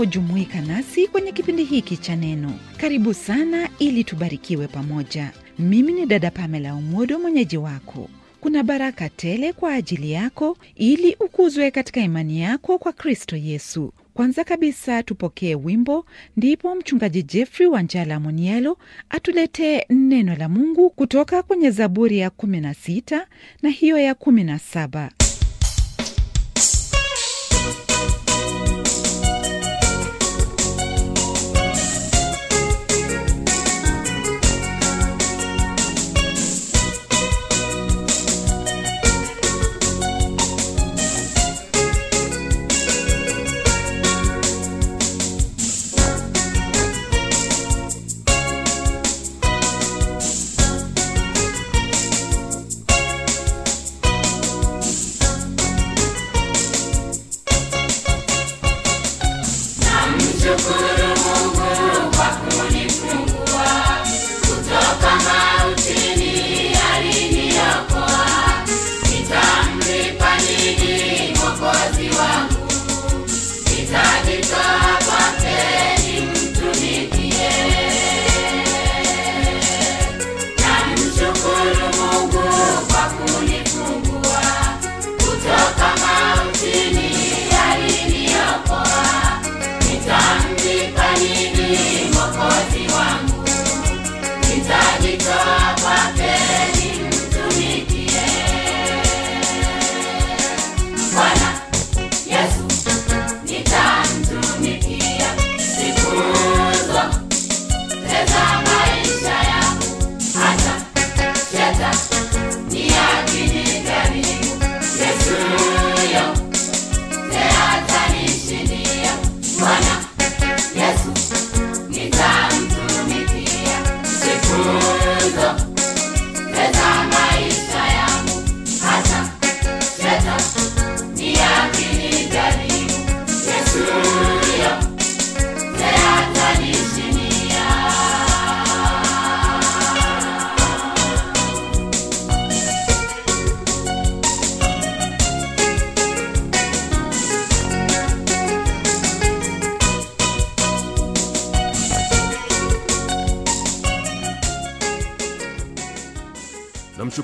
unapojumuika nasi kwenye kipindi hiki cha neno karibu sana ili tubarikiwe pamoja mimi ni dada pamela umodo mwenyeji wako kuna baraka tele kwa ajili yako ili ukuzwe katika imani yako kwa kristo yesu kwanza kabisa tupokee wimbo ndipo mchungaji jeffrey njala monielo atuletee neno la mungu kutoka kwenye zaburi ya 16 na hiyo ya 17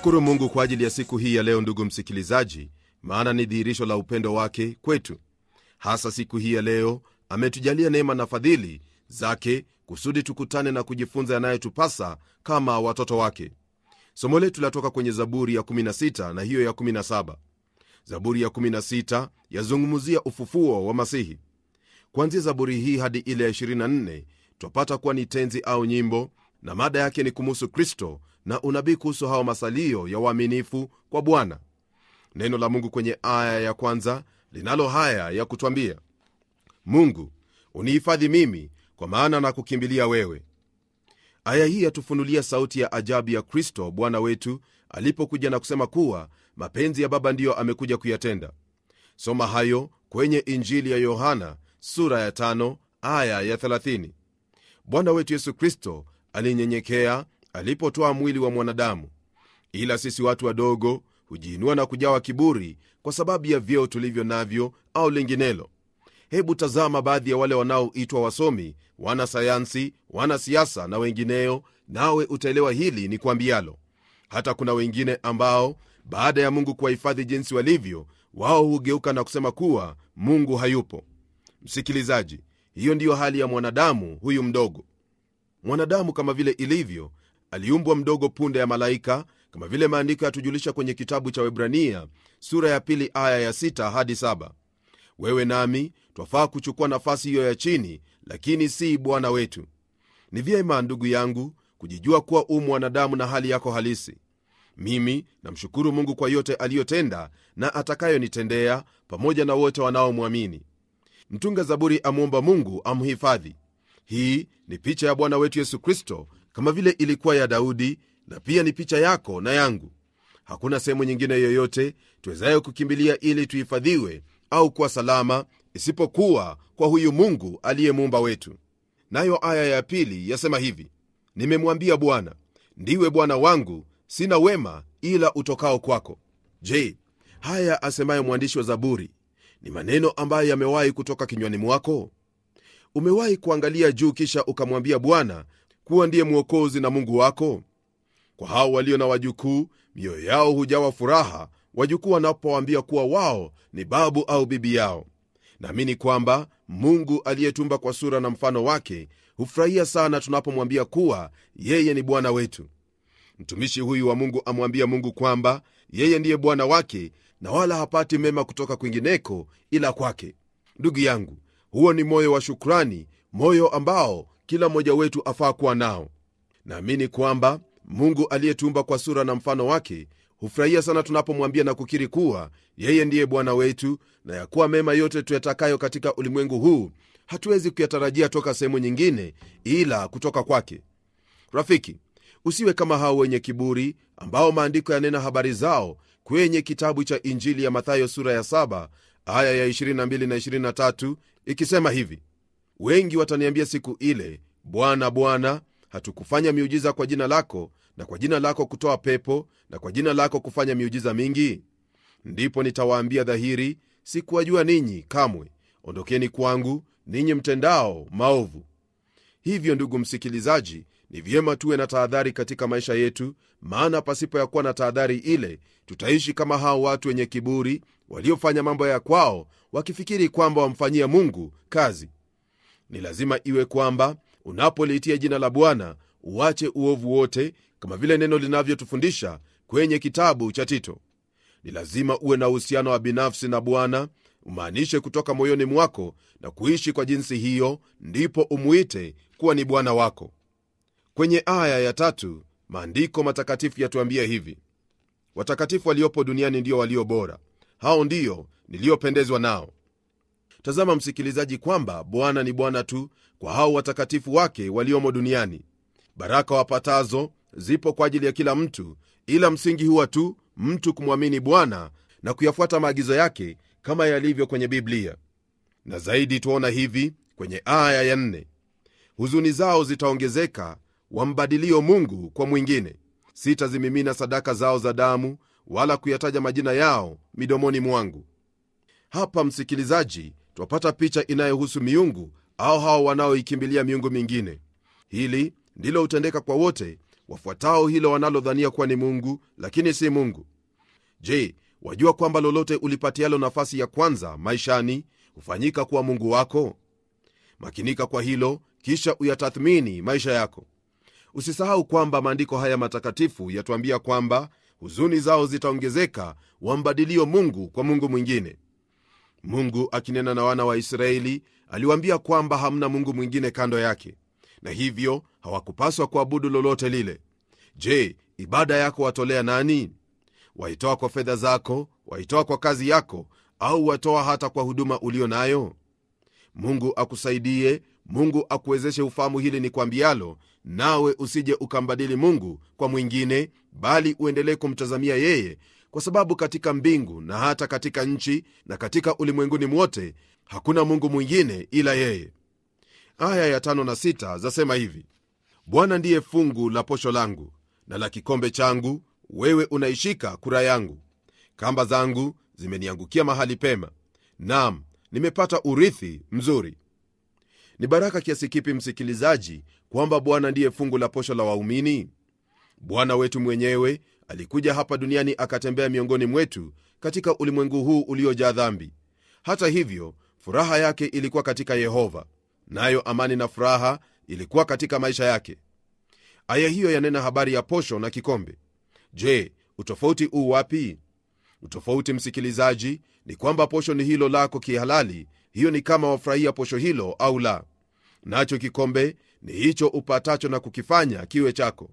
Tunamshukuru Mungu kwa ajili ya siku hii ya leo, ndugu msikilizaji, maana ni dhihirisho la upendo wake kwetu. Hasa siku hii ya leo ametujalia neema na fadhili zake kusudi tukutane na kujifunza yanayotupasa kama watoto wake. Somo letu latoka kwenye Zaburi ya 16 na hiyo ya 17. Zaburi ya 16 yazungumzia ufufuo wa Masihi. Kuanzia zaburi hii hadi ile ya 24 twapata kuwa ni tenzi au nyimbo, na mada yake ni kumuhusu Kristo na unabii kuhusu hawa masalio ya uaminifu kwa bwana neno la mungu kwenye aya ya kwanza linalo haya ya kutwambia mungu unihifadhi mimi kwa maana na kukimbilia wewe aya hii yatufunulia sauti ya ajabu ya kristo bwana wetu alipokuja na kusema kuwa mapenzi ya baba ndiyo amekuja kuyatenda soma hayo kwenye injili ya yohana sura ya tano, aya ya 30 bwana wetu yesu kristo alinyenyekea alipotoa mwili wa mwanadamu ila sisi watu wadogo hujiinua na kujawa kiburi kwa sababu ya vyeo tulivyo navyo au linginelo hebu tazama baadhi ya wale wanaoitwa wasomi wanasayansi wanasiasa na wengineo nawe utaelewa hili ni kuambialo hata kuna wengine ambao baada ya mungu kuwahifadhi jinsi walivyo wao hugeuka na kusema kuwa mungu hayupo msikilizaji hiyo ndiyo hali ya mwanadamu huyu mdogo mwanadamu kama vile ilivyo aliumbwa mdogo punde ya malaika kama vile maandiko yatujulisha kwenye kitabu cha Webrania sura ya pili aya ya sita hadi saba. Wewe nami twafaa kuchukua nafasi hiyo ya chini, lakini si Bwana wetu. Ni vyema ndugu yangu kujijua kuwa umu wanadamu na hali yako halisi. Mimi namshukuru Mungu kwa yote aliyotenda na atakayonitendea pamoja na wote wanaomwamini. Mtunga Zaburi amwomba Mungu amhifadhi. Hii ni picha ya Bwana wetu Yesu Kristo kama vile ilikuwa ya daudi na pia ni picha yako na yangu hakuna sehemu nyingine yoyote tuwezayo kukimbilia ili tuhifadhiwe au kuwa salama isipokuwa kwa huyu mungu aliye muumba wetu nayo aya ya pili yasema hivi nimemwambia bwana ndiwe bwana wangu sina wema ila utokao kwako je haya asemayo mwandishi wa zaburi ni maneno ambayo yamewahi kutoka kinywani mwako umewahi kuangalia juu kisha ukamwambia bwana kuwa ndiye mwokozi na Mungu wako? Kwa hao walio na wajukuu, mioyo yao hujawa furaha wajukuu wanapowaambia kuwa wao ni babu au bibi yao. Naamini kwamba Mungu aliyetumba kwa sura na mfano wake hufurahia sana tunapomwambia kuwa yeye ni Bwana wetu. Mtumishi huyu wa Mungu amwambia Mungu kwamba yeye ndiye Bwana wake na wala hapati mema kutoka kwingineko ila kwake. Ndugu yangu, huo ni moyo wa shukrani, moyo ambao kila mmoja wetu afaa kuwa nao. Naamini kwamba Mungu aliyetumba kwa sura na mfano wake hufurahia sana tunapomwambia na kukiri kuwa yeye ndiye Bwana wetu na ya kuwa mema yote tuyatakayo katika ulimwengu huu hatuwezi kuyatarajia toka sehemu nyingine ila kutoka kwake. Rafiki, usiwe kama hao wenye kiburi ambao maandiko yanena habari zao kwenye kitabu cha Injili ya Mathayo sura ya 7 aya ya 22 na 23 ikisema hivi: Wengi wataniambia siku ile, Bwana, Bwana, hatukufanya miujiza kwa jina lako, na kwa jina lako kutoa pepo, na kwa jina lako kufanya miujiza mingi? Ndipo nitawaambia dhahiri, sikuwajua ninyi kamwe, ondokeni kwangu, ninyi mtendao maovu. Hivyo ndugu msikilizaji, ni vyema tuwe na tahadhari katika maisha yetu, maana pasipo ya kuwa na tahadhari ile, tutaishi kama hao watu wenye kiburi waliofanya mambo ya kwao, wakifikiri kwamba wamfanyia Mungu kazi ni lazima iwe kwamba unapoliitia jina la Bwana uache uovu wote, kama vile neno linavyotufundisha kwenye kitabu cha Tito. Ni lazima uwe na uhusiano wa binafsi na Bwana, umaanishe kutoka moyoni mwako na kuishi kwa jinsi hiyo, ndipo umuite kuwa ni Bwana wako. Kwenye aya ya tatu maandiko matakatifu yatuambia hivi: watakatifu waliopo duniani ndio walio bora, hao ndio niliyopendezwa nao tazama msikilizaji kwamba bwana ni bwana tu kwa hao watakatifu wake waliomo duniani baraka wapatazo zipo kwa ajili ya kila mtu ila msingi huwa tu mtu kumwamini bwana na kuyafuata maagizo yake kama yalivyo kwenye biblia na zaidi tuona hivi kwenye aya ya nne huzuni zao zitaongezeka wambadilio mungu kwa mwingine sitazimimina sadaka zao za damu wala kuyataja majina yao midomoni mwangu hapa msikilizaji twapata picha inayohusu miungu au hao wanaoikimbilia miungu mingine. Hili ndilo hutendeka kwa wote wafuatao hilo wanalodhania kuwa ni mungu lakini si mungu. Je, wajua kwamba lolote ulipatialo nafasi ya kwanza maishani hufanyika kuwa mungu wako? Makinika kwa hilo, kisha uyatathmini maisha yako. Usisahau kwamba maandiko haya matakatifu yatuambia kwamba huzuni zao zitaongezeka, wambadilio Mungu kwa mungu mwingine mungu akinena na wana wa israeli aliwaambia kwamba hamna mungu mwingine kando yake na hivyo hawakupaswa kuabudu lolote lile je ibada yako watolea nani waitoa kwa fedha zako waitoa kwa kazi yako au watoa hata kwa huduma ulio nayo mungu akusaidie mungu akuwezeshe ufahamu hili ni kwambialo nawe usije ukambadili mungu kwa mwingine bali uendelee kumtazamia yeye kwa sababu katika mbingu na hata katika nchi na katika ulimwenguni mwote hakuna mungu mwingine ila yeye aya ya tano na sita zasema hivi bwana ndiye fungu la posho langu na la kikombe changu wewe unaishika kura yangu kamba zangu zimeniangukia mahali pema nam nimepata urithi mzuri ni baraka kiasi kipi msikilizaji kwamba bwana ndiye fungu la posho la waumini bwana wetu mwenyewe alikuja hapa duniani akatembea miongoni mwetu katika ulimwengu huu uliojaa dhambi hata hivyo furaha yake ilikuwa katika yehova nayo amani na furaha ilikuwa katika maisha yake aya hiyo yanena habari ya posho na kikombe je utofauti uu wapi utofauti msikilizaji ni kwamba posho ni hilo lako kihalali hiyo ni kama wafurahia posho hilo au la nacho kikombe ni hicho upatacho na kukifanya kiwe chako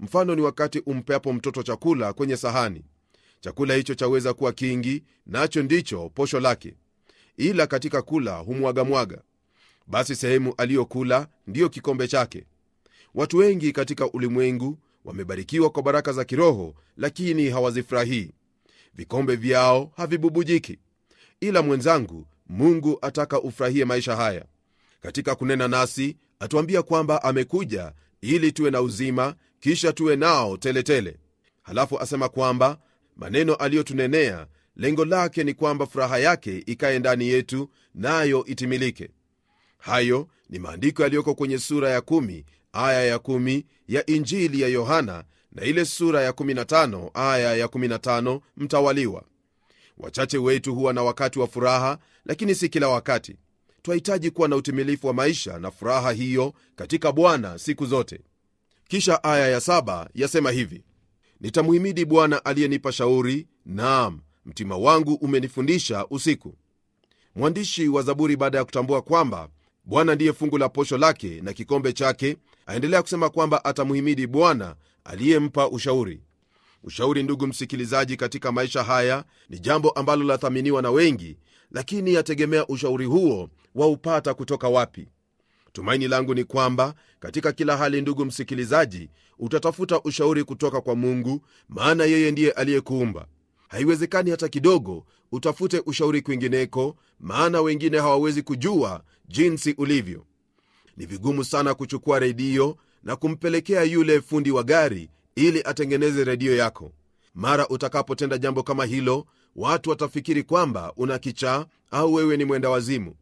mfano ni wakati umpeapo mtoto chakula kwenye sahani chakula hicho chaweza kuwa kingi nacho ndicho posho lake ila katika kula humwagamwaga basi sehemu aliyokula ndiyo kikombe chake watu wengi katika ulimwengu wamebarikiwa kwa baraka za kiroho lakini hawazifurahii vikombe vyao havibubujiki ila mwenzangu mungu ataka ufurahie maisha haya katika kunena nasi atuambia kwamba amekuja ili tuwe na uzima kisha tuwe nao teletele tele. Halafu asema kwamba maneno aliyotunenea lengo lake ni kwamba furaha yake ikaye ndani yetu, nayo na itimilike. Hayo ni maandiko yaliyoko kwenye sura ya 1 aya ya 1 ya Injili ya Yohana na ile sura ya 15 aya ya 15 mtawaliwa. Wachache wetu huwa na wakati wa furaha, lakini si kila wakati. Twahitaji kuwa na utimilifu wa maisha na furaha hiyo katika Bwana siku zote kisha aya ya saba yasema hivi nitamhimidi bwana aliyenipa shauri naam mtima wangu umenifundisha usiku mwandishi wa zaburi baada ya kutambua kwamba bwana ndiye fungu la posho lake na kikombe chake aendelea kusema kwamba atamhimidi bwana aliyempa ushauri ushauri ndugu msikilizaji katika maisha haya ni jambo ambalo lathaminiwa na wengi lakini yategemea ushauri huo waupata kutoka wapi tumaini langu ni kwamba katika kila hali ndugu msikilizaji utatafuta ushauri kutoka kwa mungu maana yeye ndiye aliyekuumba haiwezekani hata kidogo utafute ushauri kwingineko maana wengine hawawezi kujua jinsi ulivyo ni vigumu sana kuchukua redio na kumpelekea yule fundi wa gari ili atengeneze redio yako mara utakapotenda jambo kama hilo watu watafikiri kwamba una kichaa au wewe ni mwenda wazimu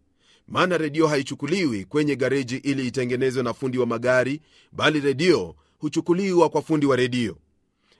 maana redio haichukuliwi kwenye gareji ili itengenezwe na fundi wa magari, bali redio huchukuliwa kwa fundi wa redio.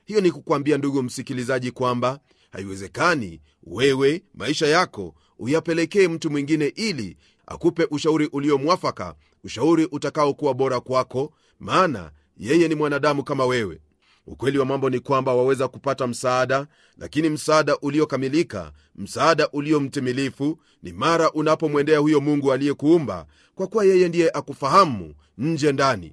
Hiyo ni kukwambia ndugu msikilizaji, kwamba haiwezekani wewe maisha yako uyapelekee mtu mwingine ili akupe ushauri uliomwafaka, ushauri utakaokuwa bora kwako, maana yeye ni mwanadamu kama wewe ukweli wa mambo ni kwamba waweza kupata msaada lakini msaada uliokamilika msaada ulio mtimilifu ni mara unapomwendea huyo mungu aliyekuumba kwa kuwa yeye ndiye akufahamu nje ndani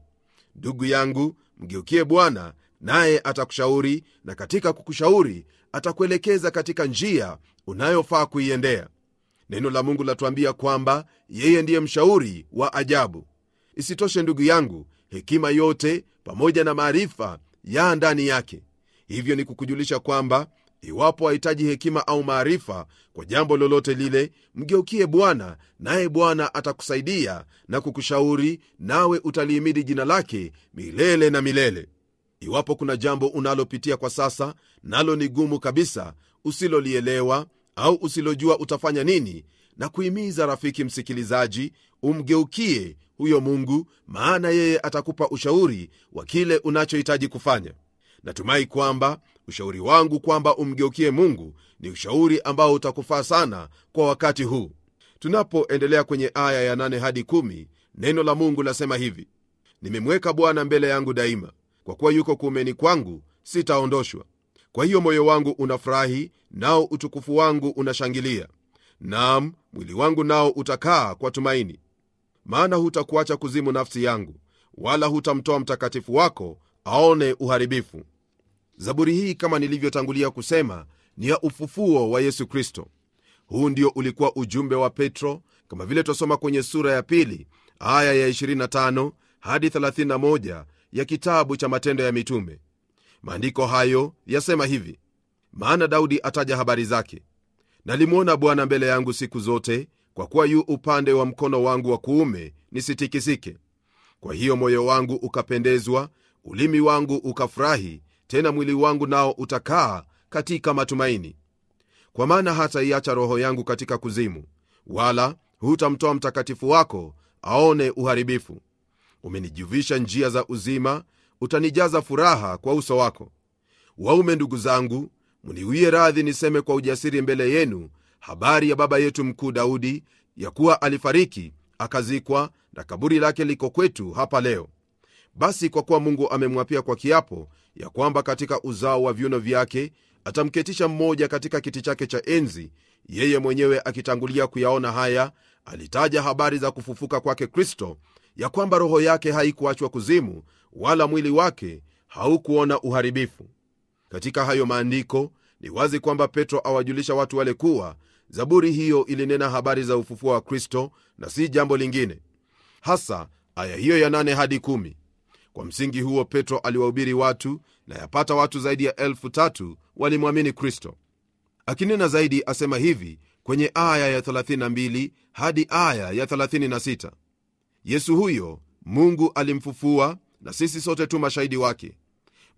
ndugu yangu mgeukie bwana naye atakushauri na katika kukushauri atakuelekeza katika njia unayofaa kuiendea neno la mungu latuambia kwamba yeye ndiye mshauri wa ajabu isitoshe ndugu yangu hekima yote pamoja na maarifa ya ndani yake hivyo ni kukujulisha kwamba iwapo wahitaji hekima au maarifa kwa jambo lolote lile mgeukie bwana naye bwana atakusaidia na kukushauri nawe utalihimidi jina lake milele na milele iwapo kuna jambo unalopitia kwa sasa nalo ni gumu kabisa usilolielewa au usilojua utafanya nini na kuhimiza rafiki msikilizaji umgeukie huyo mungu maana yeye atakupa ushauri wa kile unachohitaji kufanya natumai kwamba ushauri wangu kwamba umgeukie mungu ni ushauri ambao utakufaa sana kwa wakati huu tunapoendelea kwenye aya ya 8 hadi 1 neno la mungu lasema hivi nimemweka bwana mbele yangu daima kwa kuwa yuko kuumeni kwangu sitaondoshwa kwa hiyo moyo wangu unafurahi nao utukufu wangu unashangilia naam mwili wangu nao utakaa kwa tumaini maana hutakuacha kuzimu nafsi yangu, wala hutamtoa mtakatifu wako aone uharibifu. Zaburi hii kama nilivyotangulia kusema ni ya ufufuo wa Yesu Kristo. Huu ndio ulikuwa ujumbe wa Petro, kama vile twasoma kwenye sura ya pili aya ya 25 hadi 31 ya kitabu cha Matendo ya Mitume. Maandiko hayo yasema hivi: maana Daudi ataja habari zake, nalimwona Bwana mbele yangu siku zote, kwa kuwa yu upande wa mkono wangu wa kuume nisitikisike kwa hiyo moyo wangu ukapendezwa ulimi wangu ukafurahi tena mwili wangu nao utakaa katika matumaini kwa maana hataiacha roho yangu katika kuzimu wala hutamtoa mtakatifu wako aone uharibifu umenijuvisha njia za uzima utanijaza furaha kwa uso wako waume ndugu zangu mniwie radhi niseme kwa ujasiri mbele yenu habari ya baba yetu mkuu Daudi ya kuwa alifariki akazikwa na kaburi lake liko kwetu hapa leo. Basi kwa kuwa Mungu amemwapia kwa kiapo ya kwamba katika uzao wa viuno vyake atamketisha mmoja katika kiti chake cha enzi, yeye mwenyewe akitangulia kuyaona haya, alitaja habari za kufufuka kwake Kristo, ya kwamba roho yake haikuachwa kuzimu, wala mwili wake haukuona uharibifu. Katika hayo maandiko ni wazi kwamba Petro awajulisha watu wale kuwa Zaburi hiyo ilinena habari za ufufuo wa Kristo na si jambo lingine, hasa aya hiyo ya nane hadi kumi. Kwa msingi huo Petro aliwahubiri watu na yapata watu zaidi ya elfu tatu walimwamini Kristo. Akinena zaidi asema hivi kwenye aya ya 32 hadi aya ya 36: Yesu huyo Mungu alimfufua na sisi sote tu mashahidi wake.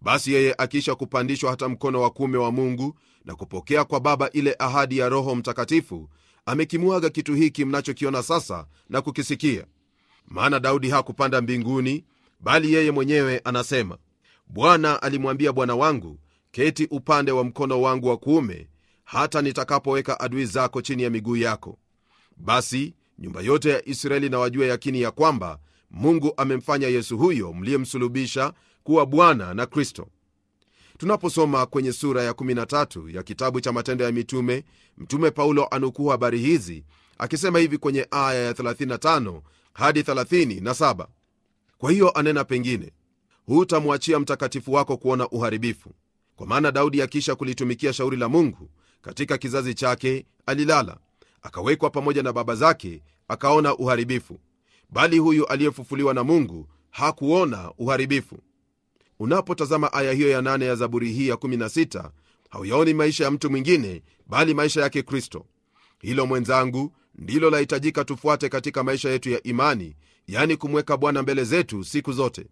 Basi yeye akiisha kupandishwa hata mkono wa kuume wa Mungu na kupokea kwa Baba ile ahadi ya Roho Mtakatifu, amekimwaga kitu hiki mnachokiona sasa na kukisikia. Maana Daudi hakupanda mbinguni, bali yeye mwenyewe anasema, Bwana alimwambia Bwana wangu, keti upande wa mkono wangu wa kuume, hata nitakapoweka adui zako chini ya miguu yako. Basi nyumba yote ya Israeli na wajue yakini ya kwamba Mungu amemfanya Yesu huyo mliyemsulubisha kuwa Bwana na Kristo tunaposoma kwenye sura ya 13 ya kitabu cha matendo ya mitume mtume paulo anukuu habari hizi akisema hivi kwenye aya ya 35 hadi 37 kwa hiyo anena pengine hutamwachia mtakatifu wako kuona uharibifu kwa maana daudi akiisha kulitumikia shauri la mungu katika kizazi chake alilala akawekwa pamoja na baba zake akaona uharibifu bali huyu aliyefufuliwa na mungu hakuona uharibifu unapotazama aya hiyo ya nane ya zaburi hii ya 16 hauyaoni maisha ya mtu mwingine bali maisha yake kristo hilo mwenzangu ndilo lahitajika tufuate katika maisha yetu ya imani yani kumweka bwana mbele zetu siku zote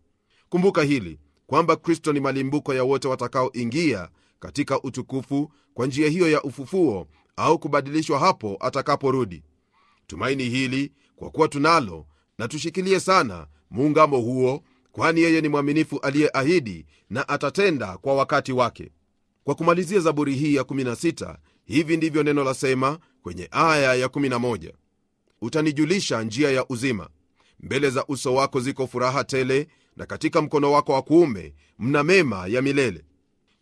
kumbuka hili kwamba kristo ni malimbuko ya wote watakaoingia katika utukufu kwa njia hiyo ya ufufuo au kubadilishwa hapo atakaporudi tumaini hili kwa kuwa tunalo na tushikilie sana muungamo huo kwani yeye ni mwaminifu aliyeahidi na atatenda kwa wakati wake kwa kumalizia zaburi hii ya 16 hivi ndivyo neno la sema kwenye aya ya 11 utanijulisha njia ya uzima mbele za uso wako ziko furaha tele na katika mkono wako wa kuume mna mema ya milele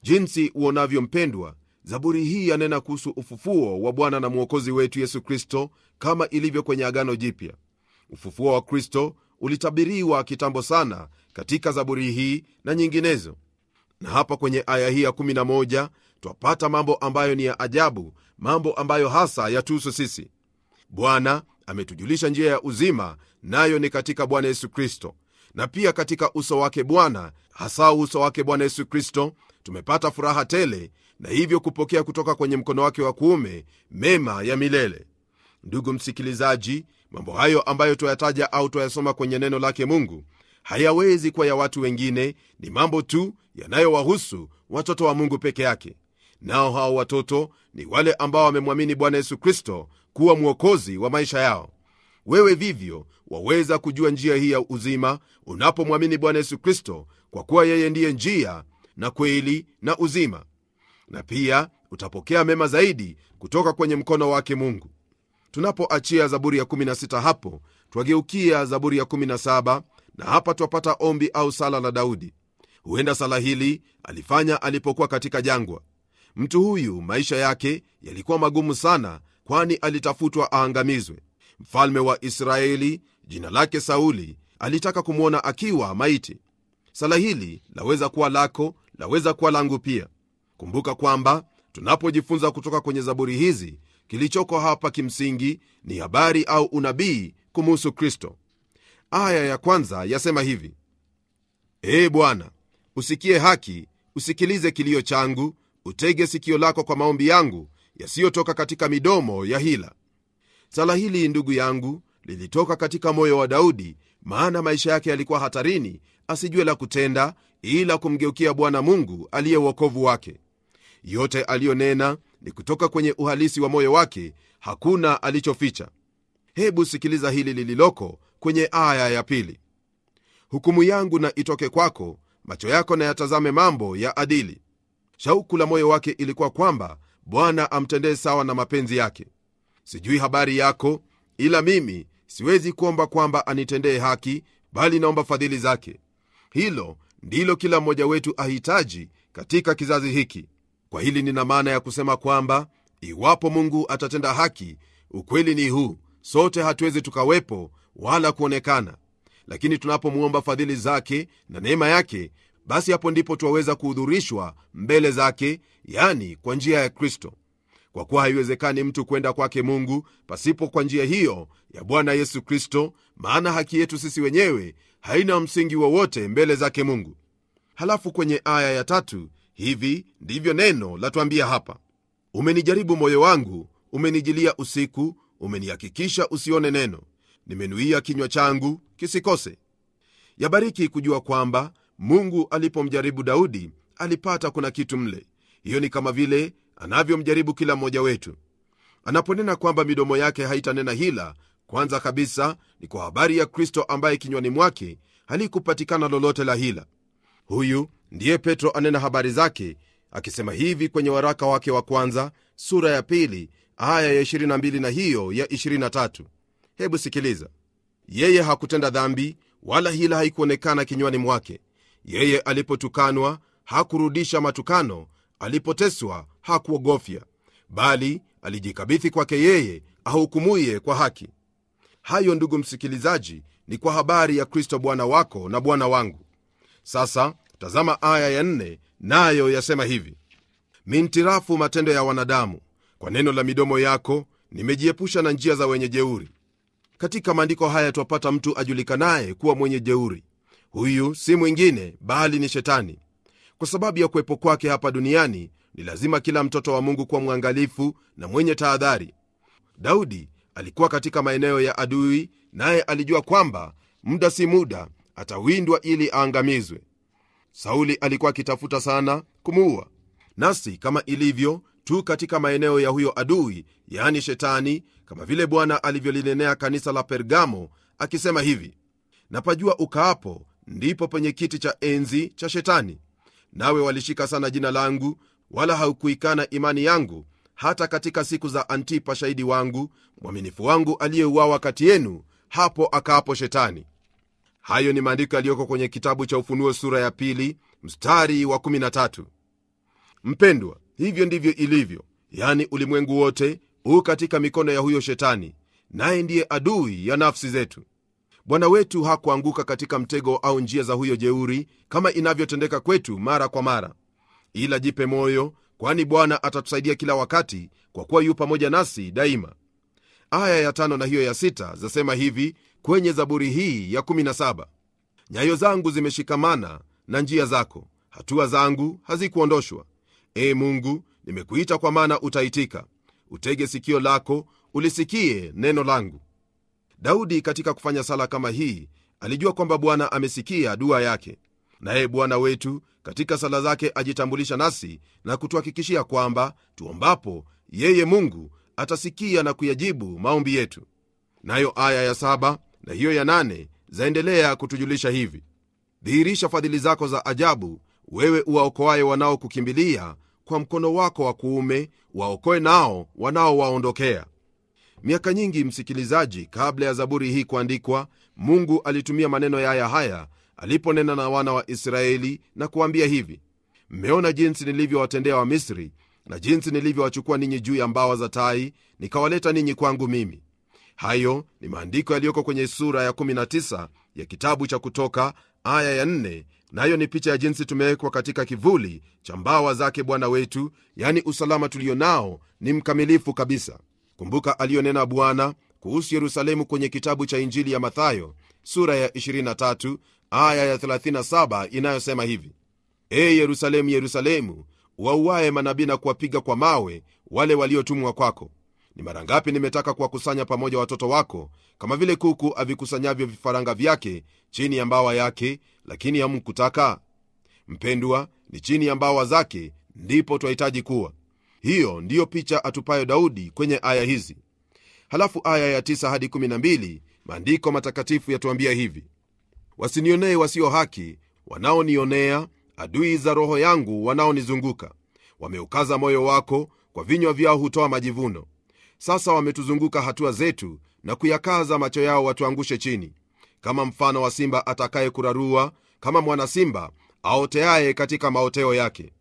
jinsi uonavyo mpendwa zaburi hii yanena kuhusu ufufuo wa bwana na mwokozi wetu yesu kristo kama ilivyo kwenye agano jipya ufufuo wa kristo ulitabiriwa kitambo sana katika zaburi hii na nyinginezo na hapa kwenye aya hii ya 11 twapata mambo ambayo ni ya ajabu mambo ambayo hasa yatuhusu sisi bwana ametujulisha njia ya uzima nayo ni katika bwana yesu kristo na pia katika uso wake bwana hasa uso wake bwana yesu kristo tumepata furaha tele na hivyo kupokea kutoka kwenye mkono wake wa kuume mema ya milele ndugu msikilizaji mambo hayo ambayo twayataja au twayasoma kwenye neno lake mungu hayawezi kuwa ya watu wengine, ni mambo tu yanayowahusu watoto wa Mungu peke yake. Nao hao watoto ni wale ambao wamemwamini Bwana Yesu Kristo kuwa mwokozi wa maisha yao. Wewe vivyo waweza kujua njia hii ya uzima unapomwamini Bwana Yesu Kristo, kwa kuwa yeye ndiye njia na kweli na uzima, na pia utapokea mema zaidi kutoka kwenye mkono wake Mungu. Tunapoachia Zaburi ya 16 hapo, twageukia Zaburi ya 17 na hapa twapata ombi au sala la daudi huenda sala hili alifanya alipokuwa katika jangwa mtu huyu maisha yake yalikuwa magumu sana kwani alitafutwa aangamizwe mfalme wa israeli jina lake sauli alitaka kumwona akiwa maiti sala hili laweza kuwa lako laweza kuwa langu pia kumbuka kwamba tunapojifunza kutoka kwenye zaburi hizi kilichoko hapa kimsingi ni habari au unabii kumuhusu kristo aya ya kwanza yasema hivi ee bwana usikie haki usikilize kilio changu utege sikio lako kwa maombi yangu yasiyotoka katika midomo ya hila sala hili ndugu yangu lilitoka katika moyo wa daudi maana maisha yake yalikuwa hatarini asijue la kutenda ila kumgeukia bwana mungu aliye uokovu wake yote aliyonena ni kutoka kwenye uhalisi wa moyo wake hakuna alichoficha hebu sikiliza hili lililoko kwenye aya ya pili hukumu yangu na itoke kwako macho yako na yatazame mambo ya adili shauku la moyo wake ilikuwa kwamba bwana amtendee sawa na mapenzi yake sijui habari yako ila mimi siwezi kuomba kwamba anitendee haki bali naomba fadhili zake hilo ndilo kila mmoja wetu ahitaji katika kizazi hiki kwa hili nina maana ya kusema kwamba iwapo mungu atatenda haki ukweli ni huu sote hatuwezi tukawepo wala kuonekana lakini tunapomwomba fadhili zake na neema yake basi hapo ndipo twaweza kuhudhurishwa mbele zake yani kwa njia ya kristo kwa kuwa haiwezekani mtu kwenda kwake mungu pasipo kwa njia hiyo ya bwana yesu kristo maana haki yetu sisi wenyewe haina msingi wowote mbele zake mungu halafu kwenye aya ya tatu hivi ndivyo neno latwambia hapa umenijaribu moyo wangu umenijilia usiku umenihakikisha usione neno nimenuia kinywa changu kisikose yabariki kujua kwamba mungu alipomjaribu daudi alipata kuna kitu mle hiyo ni kama vile anavyomjaribu kila mmoja wetu anaponena kwamba midomo yake haitanena hila kwanza kabisa ni kwa habari ya kristo ambaye kinywani mwake halikupatikana lolote la hila huyu ndiye petro anena habari zake akisema hivi kwenye waraka wake wa kwanza sura ya pili aya ya 22 na hiyo ya 23 hebu sikiliza yeye hakutenda dhambi wala hila haikuonekana kinywani mwake yeye alipotukanwa hakurudisha matukano alipoteswa hakuogofya bali alijikabithi kwake yeye ahukumuye kwa haki hayo ndugu msikilizaji ni kwa habari ya kristo bwana wako na bwana wangu sasa tazama aya ya nne nayo yasema hivi mintirafu matendo ya wanadamu kwa neno la midomo yako nimejiepusha na njia za wenye jeuri katika maandiko haya twapata mtu ajulikanaye kuwa mwenye jeuri huyu si mwingine bali ni shetani kwa sababu ya kuwepo kwake hapa duniani ni lazima kila mtoto wa mungu kuwa mwangalifu na mwenye tahadhari daudi alikuwa katika maeneo ya adui naye alijua kwamba muda si muda atawindwa ili aangamizwe sauli alikuwa akitafuta sana kumuua nasi kama ilivyo tu katika maeneo ya huyo adui yaani shetani kama vile Bwana alivyolinenea kanisa la Pergamo akisema hivi: napajua ukaapo ndipo penye kiti cha enzi cha Shetani, nawe walishika sana jina langu, wala haukuikana imani yangu hata katika siku za Antipa shahidi wangu mwaminifu wangu, aliyeuawa kati yenu, hapo akaapo Shetani. Hayo ni maandiko yaliyoko kwenye kitabu cha Ufunuo sura ya pili mstari wa 13. Mpendwa, hivyo ndivyo ilivyo, yaani ulimwengu wote u katika mikono ya huyo shetani, naye ndiye adui ya nafsi zetu. Bwana wetu hakuanguka katika mtego au njia za huyo jeuri, kama inavyotendeka kwetu mara kwa mara, ila jipe moyo, kwani Bwana atatusaidia kila wakati, kwa kuwa yu pamoja nasi daima. Aya ya tano na hiyo ya sita zasema hivi kwenye Zaburi hii ya 17: nyayo zangu zimeshikamana na njia zako, hatua zangu hazikuondoshwa. e Mungu, nimekuita kwa maana utaitika utege sikio lako ulisikie neno langu daudi katika kufanya sala kama hii alijua kwamba bwana amesikia dua yake naye bwana wetu katika sala zake ajitambulisha nasi na kutuhakikishia kwamba tuombapo yeye mungu atasikia na kuyajibu maombi yetu nayo aya ya saba na hiyo ya nane zaendelea kutujulisha hivi dhihirisha fadhili zako za ajabu wewe uwaokoaye wanaokukimbilia kwa mkono wako wa kuume, waokoe nao wanaowaondokea. Miaka nyingi, msikilizaji, kabla ya Zaburi hii kuandikwa, Mungu alitumia maneno yaya haya aliponena na wana wa Israeli na kuwambia hivi: mmeona jinsi nilivyowatendea Wamisri na jinsi nilivyowachukua ninyi juu ya mbawa za tai, nikawaleta ninyi kwangu mimi. Hayo ni maandiko yaliyoko kwenye sura ya 19 ya kitabu cha Kutoka aya ya 4 nayo ni picha ya jinsi tumewekwa katika kivuli cha mbawa zake bwana wetu yani usalama tulio nao ni mkamilifu kabisa kumbuka aliyonena bwana kuhusu yerusalemu kwenye kitabu cha injili ya mathayo sura ya 23 aya ya 37 inayosema hivi e yerusalemu yerusalemu wauaye manabii na kuwapiga kwa mawe wale waliotumwa kwako ni mara ngapi nimetaka kuwakusanya pamoja watoto wako kama vile kuku avikusanyavyo vifaranga vyake chini ya mbawa yake lakini hamkutaka mpendwa ni chini ya mbawa zake ndipo twahitaji kuwa hiyo ndiyo picha atupayo daudi kwenye aya hizi halafu aya ya 9 hadi maandiko matakatifu yatuambia hivi wasinionee wasio haki wanaonionea adui za roho yangu wanaonizunguka wameukaza moyo wako kwa vinywa vyao hutoa majivuno sasa wametuzunguka hatua zetu na kuyakaza macho yao watuangushe chini kama mfano wa simba atakaye kurarua kama mwana simba aoteaye katika maoteo yake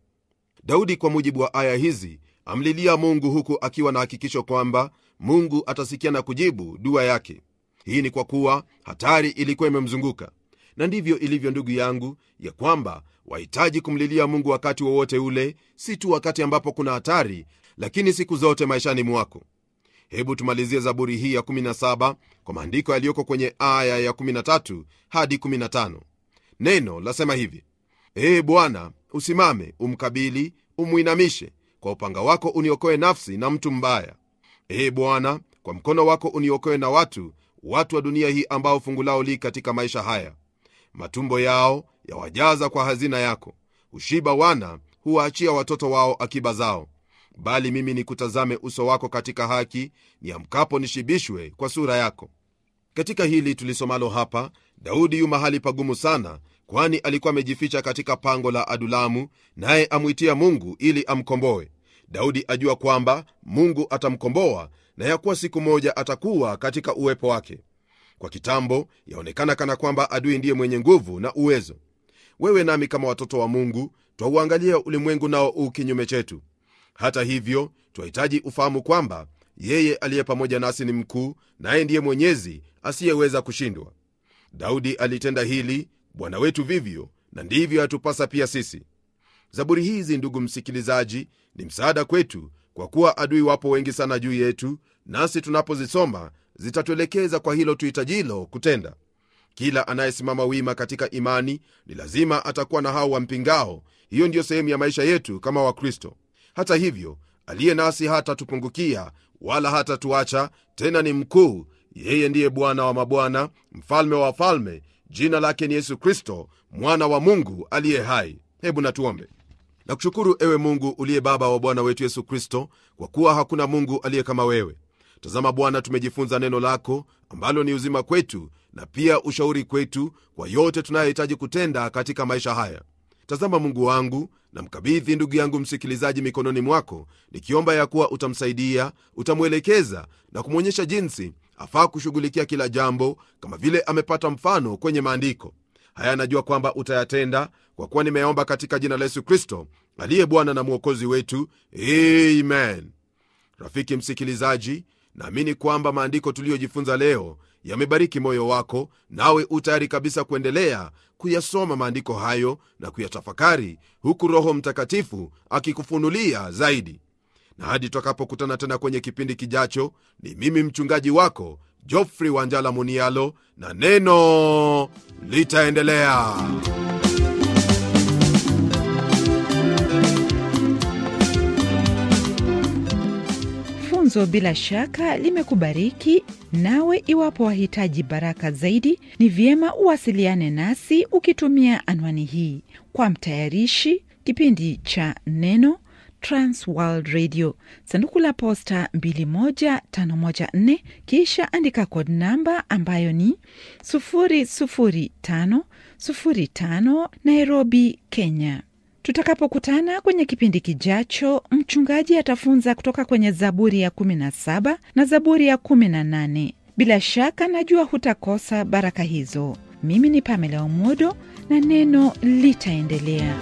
daudi kwa mujibu wa aya hizi amlilia mungu huku akiwa na hakikisho kwamba mungu atasikia na kujibu dua yake hii ni kwa kuwa hatari ilikuwa imemzunguka na ndivyo ilivyo ndugu yangu ya kwamba wahitaji kumlilia mungu wakati wowote ule si tu wakati ambapo kuna hatari lakini siku zote maishani mwako hebu tumalizie zaburi hii ya 17 kwa maandiko yaliyoko kwenye aya ya 13 hadi 15 neno lasema hivi ee bwana usimame umkabili umwinamishe kwa upanga wako uniokoe nafsi na mtu mbaya ee bwana kwa mkono wako uniokoe na watu watu wa dunia hii ambao fungu lao li katika maisha haya matumbo yao yawajaza kwa hazina yako ushiba wana huwaachia watoto wao akiba zao bali mimi nikutazame uso wako katika haki niamkapo nishibishwe kwa sura yako katika hili tulisomalo hapa daudi yu mahali pagumu sana kwani alikuwa amejificha katika pango la adulamu naye amwitia mungu ili amkomboe daudi ajua kwamba mungu atamkomboa na ya kuwa siku moja atakuwa katika uwepo wake kwa kitambo yaonekana kana kwamba adui ndiye mwenye nguvu na uwezo wewe nami kama watoto wa mungu twauangalia ulimwengu nao uu kinyume chetu hata hivyo, twahitaji ufahamu kwamba yeye aliye pamoja nasi ni mkuu, naye ndiye Mwenyezi asiyeweza kushindwa. Daudi alitenda hili, Bwana wetu vivyo, na ndivyo yatupasa pia sisi. Zaburi hizi, ndugu msikilizaji, ni msaada kwetu, kwa kuwa adui wapo wengi sana juu yetu, nasi tunapozisoma zitatuelekeza kwa hilo tuhitajilo kutenda. Kila anayesimama wima katika imani ni lazima atakuwa na hao wampingao. Hiyo ndiyo sehemu ya maisha yetu kama Wakristo hata hivyo aliye nasi hatatupungukia wala hatatuacha tena ni mkuu yeye ndiye bwana wa mabwana mfalme wa wafalme jina lake ni yesu kristo mwana wa mungu aliye hai hebu natuombe nakushukuru ewe mungu uliye baba wa bwana wetu yesu kristo kwa kuwa hakuna mungu aliye kama wewe tazama bwana tumejifunza neno lako ambalo ni uzima kwetu na pia ushauri kwetu kwa yote tunayohitaji kutenda katika maisha haya tazama mungu wangu namkabidhi ndugu yangu msikilizaji mikononi mwako nikiomba ya kuwa utamsaidia utamwelekeza na kumwonyesha jinsi afaa kushughulikia kila jambo kama vile amepata mfano kwenye maandiko haya najua kwamba utayatenda kwa kuwa nimeyaomba katika jina la yesu kristo aliye bwana na mwokozi wetu amen rafiki msikilizaji naamini kwamba maandiko tuliyojifunza leo yamebariki moyo wako, nawe u tayari kabisa kuendelea kuyasoma maandiko hayo na kuyatafakari, huku Roho Mtakatifu akikufunulia zaidi. Na hadi tutakapokutana tena kwenye kipindi kijacho, ni mimi mchungaji wako Jofrey Wanjala Munialo, na neno litaendelea. funzo bila shaka limekubariki nawe. Iwapo wahitaji baraka zaidi, ni vyema uwasiliane nasi ukitumia anwani hii. Kwa mtayarishi kipindi cha Neno, transworld Radio, sanduku la posta 21514, kisha andika kod namba ambayo ni 55 Nairobi, Kenya. Tutakapokutana kwenye kipindi kijacho, mchungaji atafunza kutoka kwenye Zaburi ya 17 na Zaburi ya 18. Bila shaka najua hutakosa baraka hizo. Mimi ni Pamela Omodo na neno litaendelea.